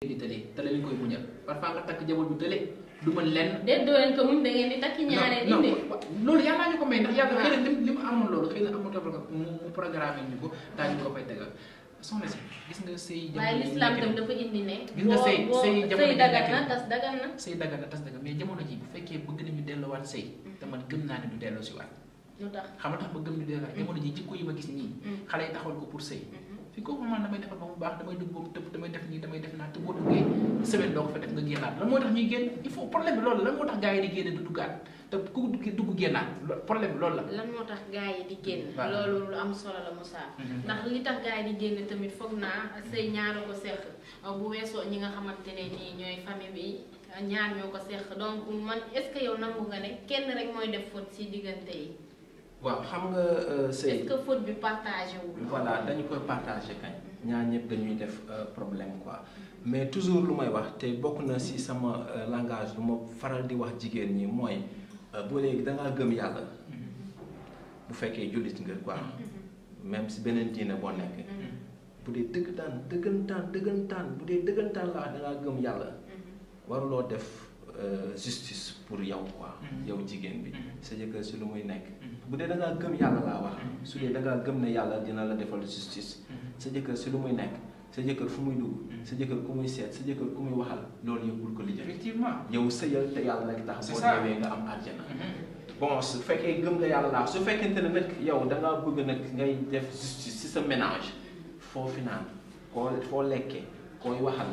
di tële tële lañ koy muñal parfois nga takk jabar bu tële du mën na li mu sëy. waaye lislaam ne. gis nga sëy sëy jamono dagan na tas dagan na. sëy dagan na tas dagan mais jamono ji bu fekkee bëgg nañu delloowaat sëy. Mm-hmm. te man naa ne du delloo si waat. xam nga tax ba gëm ñu mm-hmm. jamono ji jikko yi gis nii. Mm-hmm. xale yi taxawal ko pour sëy kooku man damay defal ba mu baax damay dugg boobu tëb damay def nii damay def naa te boo duggee semaine doo ko fa def nga génnaat lan moo tax ñuy génn loolu du duggaat te ku dugg loolu la. lan moo tax gars yi di génn. loolu lu am solo la Moussa. Mhm. ndax li tax gars yi di génn tamit foog naa say ñaara ko seq bu weesoo ñi nga xamante ne nii ñooy famille bi. ñaar ñoo ko seq donc man est-ce que yow nangu nga ne kenn rek mooy def faute ci diggante yi. waaw xam nga sëy euh, est-ce que faute bi partagé wu. voilà dañu koy partagé kañ. Mm-hmm. ñaar ñëpp dañuy def euh, problème quoi mais toujours lu may wax te bokk na si sama euh, langage lu ma faral di wax jigen ni moy bo léegi da nga gëm Yalla. Mm-hmm. bu féké julit nga quoi mm-hmm. même si benen dina bo nek. bu deug dëggantaan deugantan, deugantan, bu dee dëggantaan laa da nga gëm yàlla waruloo def. Euh, justice pour yow quoi. Mm-hmm. yow jigéen bi. Mm-hmm. sa jëkkër si lu muy nekk. Mm-hmm. bu dee da ngaa gëm yàlla laa wax. su dee da gëm ne yàlla dina la defal justice. sa jëkkër si lu muy nekk. sa jëkkër fu muy dugg. sa jëkkër ku muy seet sa jëkkër ku muy waxal loolu yëpp bul ko lijjal. effectivement yow sëyal te yàlla rek tax. boo ñëwee nga am àjjana. bon su fekkee gëm la yàlla laa su fekkente ne nag yow da ngaa bëgg nag ngay def justice si sa ménage foo fi naan koo foo lekkee kooy waxal.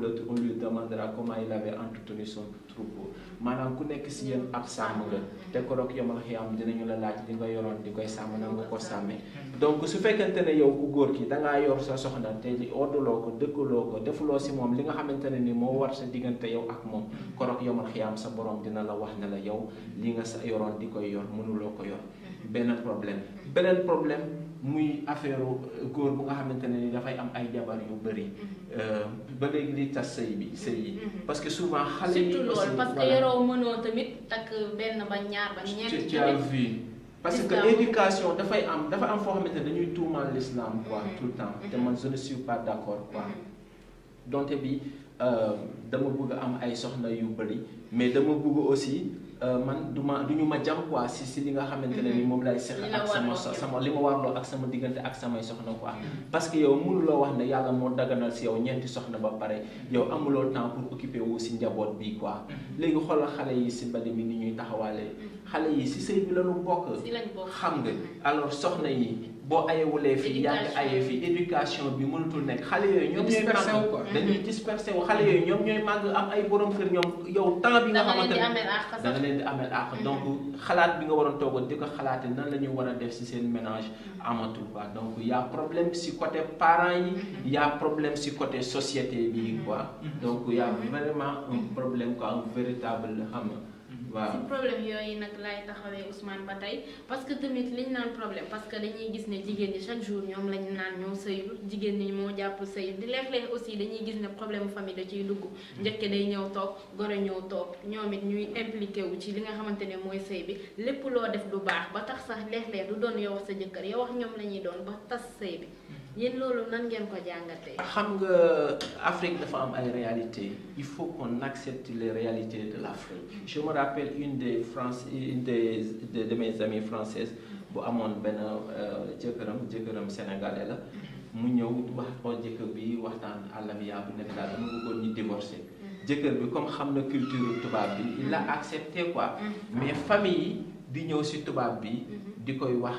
l'autre on lui demandera comment il avait entretenu son troupeau maanaam ku nekk si yéen ak sàmm nga te koroog yomal xiyam ñu la laaj li nga yoroon di koy sàmm na nga ko sàmmee donc su fekkente ne yow ku góor ki dangaa yor sa soxna te odduloo ko dëkkaloo ko defuloo si moom li nga xamante ne nii moo war sa diggante yow ak moom koroog yomal xiyam sa boroom dina la wax ne la yow li nga sa yoroon di koy yor mënuloo ko yor ben problème benen problème muy affaire euh, goor bu nga xamantene ne ni dafay am ay jabar yu mm-hmm. euh ba léegi di tas sëy bi sey mm-hmm. parce que souvent xale yi surtout loolu parce que yoroo mënoo tamit takk ben ba ñaar ba ñeent tamit parce que l'éducation fay am fa am fo xamantene dañuy tuumaal l'islam quoi mm-hmm. tout le temps te man je ne suis pas d'accord quoi donte bi euh, dama bëgg am ay soxna yu bari mais dama bëgg aussi Uh, man duma duñu ma jam quoi si si li nga xamantene ni mom lay sekh ak sama sama lima warlo ak sama digënté ak sama soxna quoi mhm. parce que yow mënu lo lah wax ne yalla mo daganal kan si yow ñenti soxna ba paré mhm. yow amulo temps pour occuper wu si njabot bi quoi mhm. légui xol xalé yi si mbali mi ni ñuy taxawalé xalé yi si sey bi lañu bok xam nga alors soxna yi boo ayewulee fii yaa ngi ayee fii éducation bi mënatul nekk xale yooyu ñoom ñooy màgg dañuy mhm. dispersé wu xale yooyu ñoom ñooy màgg am ay borom kër ñom yow temps bi nga xamante da nga leen di amel ak mhm. donc xalaat bi nga waron togon diko ko nan lañu wara def ci seen ménage mhm. amatu quoi donc y' a problème ci côté parents yi y' a problème ci côté société bi quoi donc y' a vraiment un problème quoi un véritable xam waaw si problème yooyu nag laay taxawee usman ba tey parce que tamit liñ naan problème parce que dañuy gis ne jigéen ñi chaque jour ñoom lañu naan ñoo sëyul jigéen ñi moo jàpp sëyul di léeg-léeg aussi dañuy gis ne problème famille da ciy dugg hmm. njëkke day ñëw toog goro ñëw toog ñoom it ñuy impliqué wu ci li nga xamante ne mooy sëy bi lépp loo def du baax ba tax sa léeg-léeg du doon yow sa jëkkër yow wax ñoom la ñuy doon ba tas sëy bi hmm. yéen loolu nan ngeen ko jàngatee. xam nga Afrique dafa am ay réalités il faut qu'on accepte les réalités de l'Afrique mm. je me rappelle une des France une des de, de mes amies françaises bu amon benn euh, jëkkëram jëkkëram sénégalais la mm. mu ñëw wax ko jëkkër bi waxtaan àllam yaa bu nekk daal dama bëggoon ñu divorcé mm. jëkkër bi comme xam na culture tubaab bi il a accepté quoi. mais famille yi di ñëw si tubaab bi. Mm-hmm. di koy wax.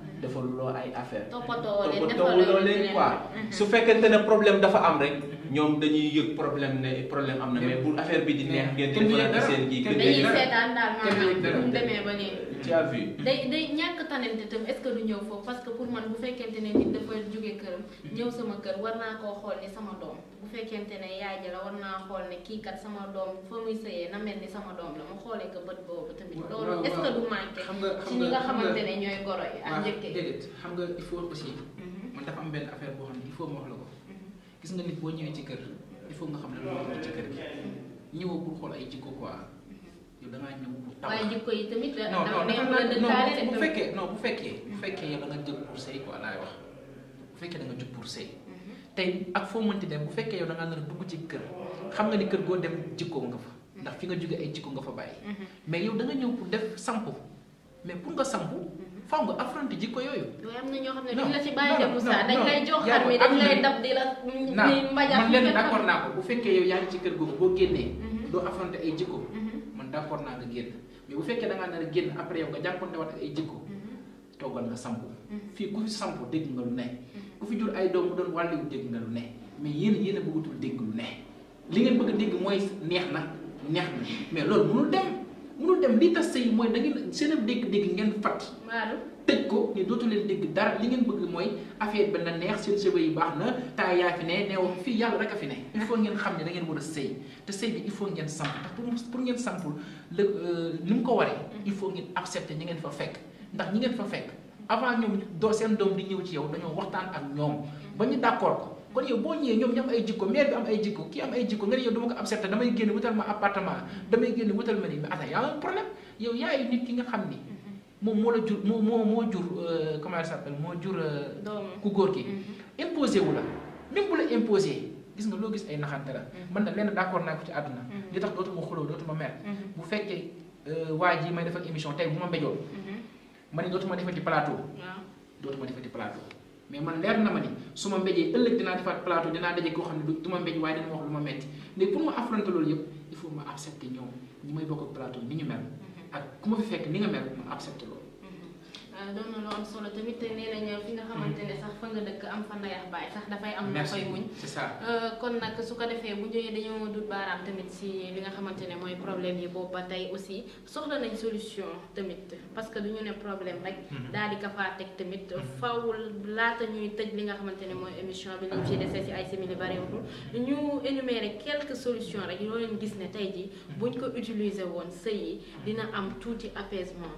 defaluloo ay affaire toppatoo leen toppatoo leen quoi. Mm-hmm. su fekkente ne problème dafa am rek. Mm-hmm. ñoom dañuy yëg problème ne problème am na mais bu affaire bi di neex. ngeen di defaraat dañuy seetaan daal maanaam bu mu demee ba nii. tu as vu. day day ñàkk tànnante tam est-ce que du ñëw foofu parce que pour man bu fekkente ne nit dafa jóge këram. ñëw sama kër war naa koo xool ni sama doom bu fekkente ne yaay ja la war naa xool ne kii kat sama doom fa muy sëyee na mel ni sama doom la mu xoolee ko bët boobu tamit. loolu est du manqué. xam nga ci ñi nga xamante ne ñooy goro yi ak njëkkee xam nga il faut aussi. Mhm. man dafa am benn affaire boo xam ne il faut ma wax la ko. Mhm. gis nga nit boo ñëwee ci kër il faut nga xam ne loolu ci kër gi mhm. ñëwoo pour xool ay jikko quoi yow da ngaa ñëw pour bu fekkee non bu fekkee. bu fekkee yow da nga jóg pour sëy quoi laay wax bu fekkee da nga jóg pour sëy mhm. tey ak foo mënti dem bu fekkee yow da ngaa a dugg ci kër xam nga ni kër goo dem jikkoo nga fa. Mhm. ndax fi nga jóge ay jikko nga fa bàyyi. Mhm. mais yow da nga ñëw pour def sampu mais pour nga sampu. faaw nga affronté jikko yooyu. waaye la ci bàyyi dem Moussa dañ lay jox xar mi dañ lay dab di la. ni mbajaat naa ko bu fekkee yow yaa ci kër man d'accord naa nga génn mais bu fekkee da ngaa nar a génn après yow nga jànkoonte wat ak ay jikko mhm. toogal nga sampu mhm. fii ku fi sampu dégg nga lu ne mhm. ku fi jur ay doom mu doon wàlliwu dégg nga lu ne mais yéen yéen a bëggatul dégg lu ne li ngeen bëgg a dégg mooy neex na neex na mais loolu mënul dem mënul dem lii tas sëy mooy da ngeen seen ab dégg-dégg ngeen fat tëj ko dootu leen dégg dara li ngeen bëgg mooy affaire bi na neex seen ne neew fii yàlla rek ngeen xam ne da ngeen war a sëy te sëy bi il faut ngeen samp ndax pour pour ngeen sampul euh, mu ko waree il faut ngeen accepter ñi ngeen fa fekk ndax ñu ngeen fa fekk avant ñoom doo seen doom di ñëw ci yow dañoo waxtaan ak ñoom ba ñu d'accord ko kon yow boo ñëwee ñoom ñu am ay jikko maire bi am ay jikko kii am ay jikko nga ne yow dama ko accepté damay génn wutal ma appartement damay génn wutal ma ni mais attends y a problème yow yaayu nit ki nga xam ni moom moo la jur moo moo moo jur euh, comment elle s'appelle moo jur. Euh, ku góor gi mm-hmm. imposé wu la même bu la imposé gis nga loo gis ay naxante la. Mm-hmm. man nag lenn d'accord naa ko ci àdduna. Mm-hmm. li tax dootuma xuloo dootuma mer. bu fekkee euh, waa ji may def ak émission tey bu ma mbéjoon. ma ne dootuma defati plateau. dootuma defati plateau. man leer na ma ni su ma mbéjee ëllëg dinaa defaat plateau dinaa daje koo xam ne du ma mbéj waaye dina ma wax lu ma metti léegi pour ma affronter loolu yëpp il faut ma accepter ñoom ñi may bokk plateau ni ñu mel. como você ma que ninguém me nga Euh, doon na loo am solo tamit nee nañ fi nga xamante ne sax fa nga dëkk am fa ndayax baay sax dafay am na koy muñ euh, kon nag su ko defee bu ñëwee dañoo dut baaraam tamit si li nga xamante ne mooy problème yi boobu ba tey aussi soxla nañ solution tamit parce que du ne problème rek mhm. daal di ka teg tamit mhm. faw laata ñuy tëj li nga xamante ne mooy émission bi lañ ciy defee si ay simili bareewul ñu énumérer quelque solution rek loo leen gis ne tey ji mhm. buñ ko utiliser woon sëy yi dina am tuuti apaisement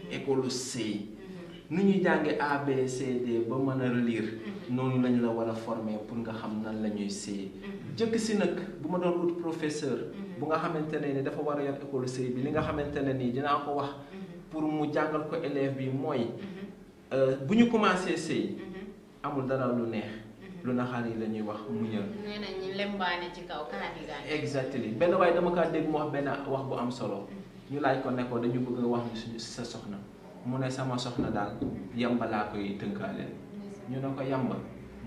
école C mhm. nu ñuy jànge ABCD ba mën a relire mhm. noonu lañ la war a former pour nga xam nan lañuy ñuy mhm. jëkk si nag bu ma doon ut professeur bu nga xamante ne ni dafa war a yor école C bi li nga xamante ne nii dinaa ko wax pour mu jàngal ko élève bi mooy euh, bu ñu commencé sëy amul dara lu neex lu naxaar yi la ñuy wax muñal. nee nañ ci kaw. exactement benn waaye dama kaa dégg mu wax benn wax bu am solo. ñu laaj ko nekkoo ko dañu bëgg a wax ñu suñu sa soxna mu ne sama soxna daal yamba laa koy tënkaaleel ñu ne ko yamba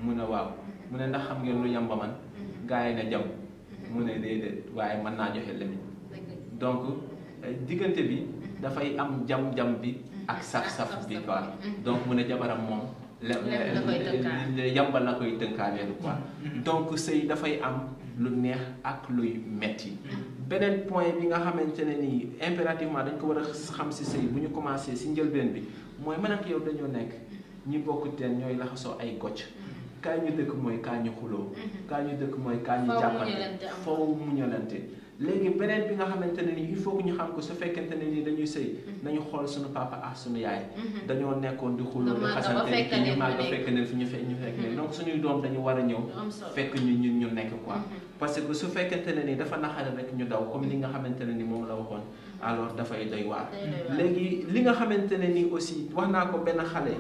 mu ne waaw mu ne ndax xam ngeen lu yamba man gars yi ne jam mu ne déedéet waaye man naa joxe lemi donc euh, diggante bi dafay am jam-jam bi ak saf-saf bi quoi donc mu ne jabaram moom lépp la koy tënkaale yàmbal mm-hmm. mm-hmm. donc sëy dafay am lu neex ak luy metti mm-hmm. beneen point bi nga xamante ne nii impérativement dañ ko war a xam si sëy bu ñu commencé si njëlbeen bi mooy man ak yow dañoo nekk ñi bokk teen ñooy laxasoo ay gocc. kaa ñu dëkk mooy kaa ñu xuloo. kaa ñu dëkk mooy kaa ñu jàppante faw muñalante léegi beneen bi nga xamante ne ni il faut que ñu xam ko su fekkente ne nii dañu sëy mhm. nañu xool suñu papa ak suñu yaay mhm. dañoo nekkoon di xuloo di xasante kii ñu màgg fekk leen fi ñu fe ñu fekk leen mhm. donc dañu war a ñëw fekk ñu ñun ñu nekk quoi parce que su fekkente ne ni dafa naxare rek ñu daw comme ni nga xamante ne ni moom la waxoon alors dafay doy waar léegi li nga xamante ne ni aussi wax naa ko benn xale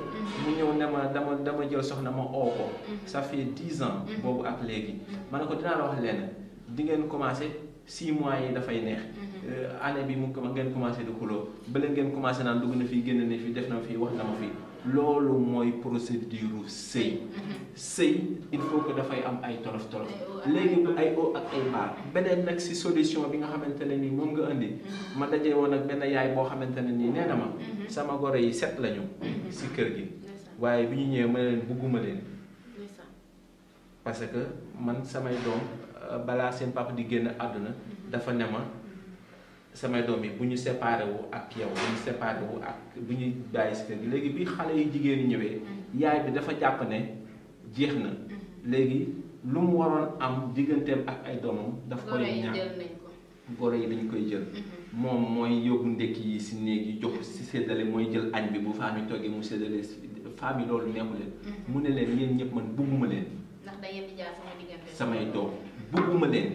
mu ñëw ne ma dama dama jël soxna ma oo ko ça fait dix ans boobu ak léegi ma ne ko dinaa la wax leen di ngeen commencé six mois yi dafay neex. Mhm. Euh, année bi mu ngeen commencé di xuloo bële ngeen commencé naan dugg na fi génn na fi def na fii wax na ma fii loolu mooy procédure sëy. Mhm. sëy il faut que dafay am ay tolof tolof léegi du ay o ak ay baar beneen nag si solution bi nga xamante ne nii moom nga indi mhm. ma dajee woon ak benn yaay boo xamante ne nii nee ma sama goro yi set lañu si kër gi waaye bi ñu ñëwee ma leen bugguma leen parce que man samay doom. Euh, balaa seen papa di génn àdduna dafa ne ma samay doom yi bu ñu séparé ak yow bu ñu séparé wu ak bu ñuy bàyyi si léegi bi xale yu jigéen ñëwee yaay bi dafa jàpp ne jeex na léegi lu mu waroon am digganteem ak ay doomam daf koy ñaan goro yi dañ koy jël mhm. moom mooy yóbbu si néeg yi jox si jël añ bi bu famille toggee mu séddale famille loolu neexu leen mhm. mu ne leen yéen ñëpp man bugguma leen samay doom bëgguma leen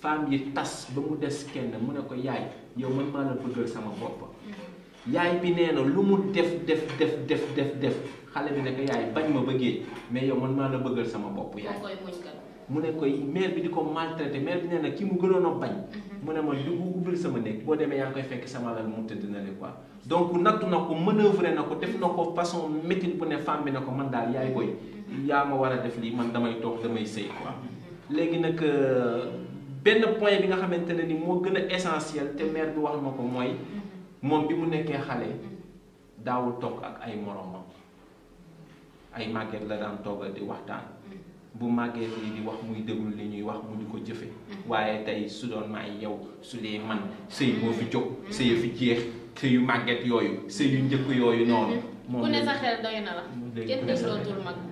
femme yi tas ba mu des kenn mu ne ko yaay yow man maa la bëggal sama bopp mm-hmm. yaay bi nee na lu mu def def def def def def xale bi ne yaay bañ ma bëggee mais yow man maa la bëggal sama bopp yaay mu ne koy mère bi di ko maltraité mère bi nee na ki mu gënoon bañ mm-hmm. mu ne ma dugg ubbil sama néeg boo demee yaa ngi koy fekk sama lal mu tëdd na le quoi donc nattu na ko manœuvre na ko def na ko façon métit bu ne femme bi ne ko man daal yaay koy mm-hmm. yaa ma war a def lii man damay toog damay sëy quoi léegi nag euh, benn point bi nga xamante ne ni moo gën a essentiel te maire bi wax na ko mooy mm-hmm. moom bi mu nekkee xale mm-hmm. daawul toog ak ay moromam ay màgget la daan toogal di waxtaan mm-hmm. bu màggee fii di wax muy déglu li ñuy wax mu di ko jëfe waaye tey su doon maay yow su dee man sëy moo fi jóg sëy fi jeex sëy yu yooyu sëy yu njëkk yooyu noonu. moom ku ne sa xel doy na la. kenn déglootul mag.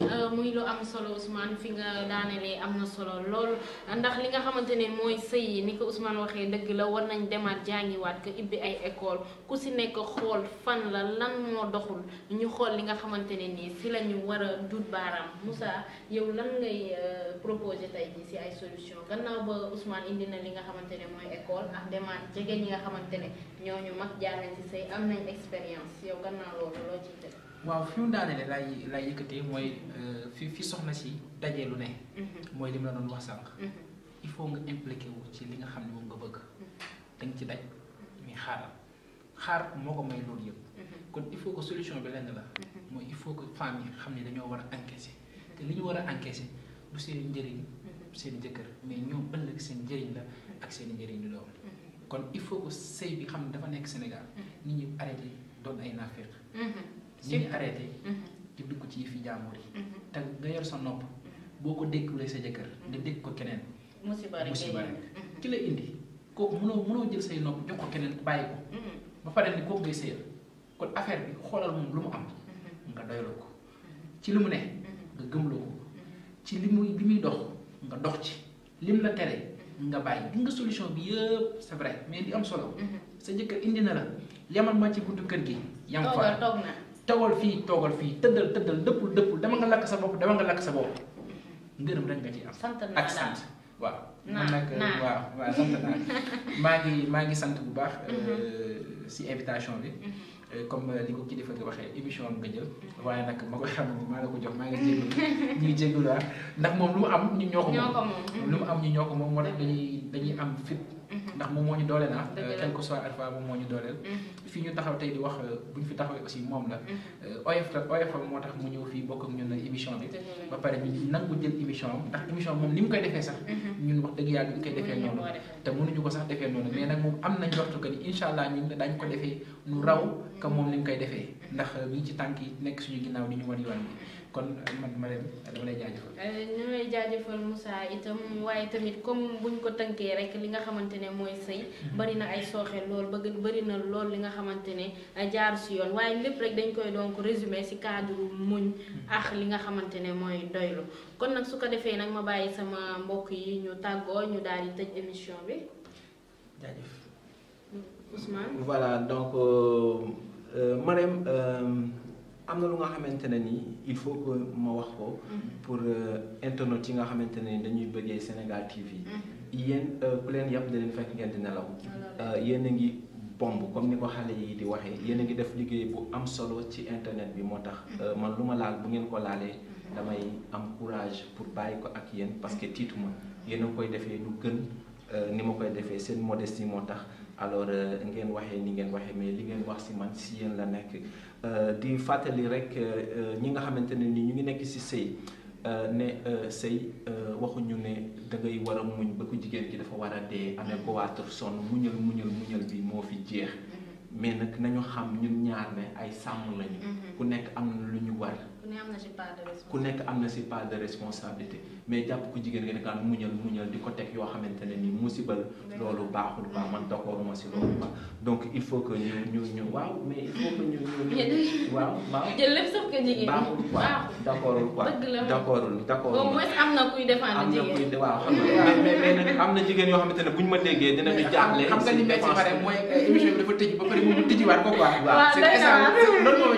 Euh, muy lu am solo Ousmane fi nga daanelee am na solo lool ndax li nga xamante ne mooy sëy yi ni ko Ousmane waxee dëgg la war nañ demaat jàngiwaat ko ibbi ay école ku si nekk xool fan la lan moo doxul ñu xool li nga xamante ne nii si la ñu war a dut baaraam Moussa yow lan ngay euh, proposé tey jii si ay solution gannaaw ba Ousmane indi na li nga xamante ne mooy école ak demaat jege ñi nga xamante ne ñu mag jaar nañ si sëy am nañ expérience yow gannaaw loolu loo waaw fi mu daanele lay lay yëkkatee mooy euh, fi soxna si dajee lu ne. Mhm. mooy li mu la doon wax sànq. Mhm. il faut nga impliqué wu ci li nga xam ne moom nga bëgg. Mhm. da ci daj muy xaaral xaar moo ko may loolu yëpp. kon il faut que solution bi lenn la. mooy il faut que femmes yi xam ne dañoo war a encaisser. te li ñu war a encaisser du seen njëriñ. seen jëkkër mais ñoom ëllëg seen njëriñ la ak seen njëriñ lu doom kon il faut que sëy bi xam ne dafa nekk Sénégal. nit ñi arrêté doon ay naafeq. ni ngay arrêté di dugg ci fi jàmbure te nga yor sa nopp boo ko dékkuloy sa jëkkër nga dékk ko keneen musiba rek ci la indi kooku mënoo mënoo jël say nopp jox ko keneen bàyyi ko ba pare ni kooku ngay séyal kon affaire bi xoolal moom lu mu lah mhm. am nga doyloo ko ci li mu ne nga gëmloo ko ci li muy bi muy dox nga dox ci lim la tere nga bàyyi di nga solution bi yëpp c' est vrai mais di am solo sa jëkkër indi na la yamal ma ci guddu kër gi yam fa togol fii togol fii tëddal tëddal dëppul dëppul dama nga lakk sa bopp dama nga lakk sa bopp ngërëm rek nga ci am ak sant waaw man nag waaw waaw sant naa maa ngi maa ngi sant bu baax si invitation bi comme li ko ki defa nga waxee émission nga jël waaye nag ma ko xam maa la ko jox maa ngi jéggu ñuy jéggu ndax moom lu mu am ñun ñoo ko moom lu mu am ñun ñoo ko moom moo tax dañuy dañuy am fit Mhm. ndax moom moo ñu doole naa quel que soit alpha moom moo ñu dooleel mhm. fii ñu taxaw tey di wax euh, bu ñu fi taxawee aussi moom la mhm. euh, oyof la oyof la moo tax mu ñëw fii bokk ak ñun émission bi ba pare ñu nangu jël émission am ndax émission moom ni mu koy defee sax ñun wax dëgg yàlla ñu koy defee noonu te mënuñu ko sax defee noonu mais nag moom am nañ waxtu que ni incha allah ñun dañ ko defee nu raw que moom ni mu koy defee ndax bi euh, ñu ci tànk nekk suñu ginnaaw di ñu war yoon kon eh, man ma leen dama lay jaajëfal. Eh, ñu lay jaajëfal Moussa itam waaye tamit comme buñ ko tënkee rek li nga xamante ne mooy sëy mhm. bari na ay sooxee lool bëgg bari na lool li nga xamante ne eh, jaar si yoon waaye lépp rek dañ koy donk résumé si cadre muñ mhm. ax li nga xamante ne mooy doylu kon nag su ko defee nag ma bàyyi sama mbokk yi ñu tàggoo ñu daal di tëj émission bi. jaajëf. Ousmane voilà donc euh, euh, Marème. Euh, il faut que je wax ko. Mhm. pour euh, internet yi nga xamantene Sénégal TV. Mhm. yéen euh, ku leen yapp dañu fekk ngeen di nelaw. Ah, euh, yéen ngi comme ni ko yi di waxé ngi def bu am solo ci internet bi motax mhm. man ko damay am courage pour vous parce que tituma koy lu gën ni modestie alors euh, ngeen waxee ni ngeen waxee mais li ngeen wax si man si yéen la nekk euh, di fàttali rek euh, ñi nga xamante ne ni ñu ngi nekk si sëy ne sëy waxuñu ne da ngay war a muñ ba ko jigéen ki dafa war a dee amee ko waatur sonn muñal muñal muñal bi moo fi jeex mm-hmm. mais nag nañu xam ñun ñaar ne ay sàmm lañu mm-hmm. ku nekk am na lu ñu war ku nekk am na si part de responsabilité mais jàpp ku jigéen nga ne kaan muñal muñal di ko teg yoo xamante ne ni musiba la loolu baaxul ba man d'accord ma si loolu ba donc il faut que ñu ñu ñu waaw mais il faut que ñu ñu waaw waaw jël lépp sauf que jigéen baaxul quoi d'accordul quoi d'accordul d'accordul au moins am na kuy défendre jigéen am na kuy waaw xam nga mais mais nag am na jigéen yoo xamante ne buñ ñu ma déggee dinañu jaaxle xam nga li metti pare mooy euh, émission bi dafa tëj ba pare mu tëjiwaat ko quoi waaw c'est ça loolu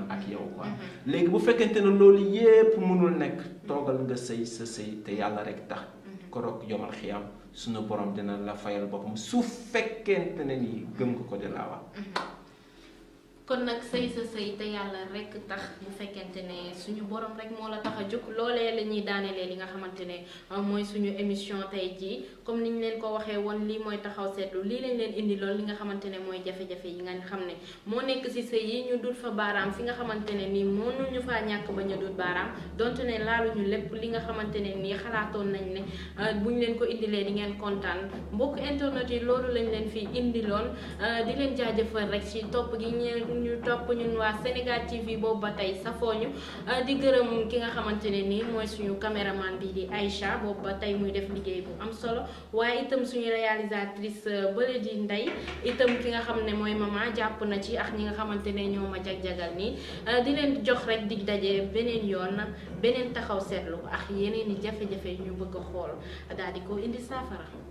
ak yow quoi mhm. léegi bu fekkeente ne loolu yépp mënul nekk toogal nga sëy sa sëy te yàlla rek tax mhm. koroog yomal xiyam sunu borom dina la fayal boppam su fekkente ne nii gëm nga ko di laa kon nak sey sa sey te yalla rek tax bu fekkente ne suñu borom rek moo la tax a jóg loolee la ñuy daanelee li nga xamante ne suñu émission tey jii comme niñ leen ko waxee woon lii mooy taxaw seetlu li lañ leen indi loolu li nga xamante ne mooy jafe-jafe yi nga xam ne moo nekk si sëy yi ñu dul fa baaraam fi nga xamante ne nii mënuñu faa ñàkk ba ña dul baaraam donte ne laaluñu lépp li nga xamante ne nii nañ ne buñ leen ko indilee di ngeen kontaan mbokk internet yi loolu lañ leen fi indi loon di leen jaajëfal rek si top gi ñe ñu topp ñun waa Sénégal TV boobu ba tey safoo ñu euh, di gërëm ki nga xamante ne nii mooy suñu caméraman bi di Aïcha boobu ba tey muy def liggéey bu am solo waaye itam suñu réalisatrice euh, bële di Ndey itam ki nga xam ne mooy maman jàpp na ci ak ñi nga xamante ne ñoo ma jag-jagal nii euh, di leen jox rek di daje beneen yoon nag beneen taxaw seetlu ak yeneen yi jafe-jafe ñu bëgg xool daal di ko indi saafara.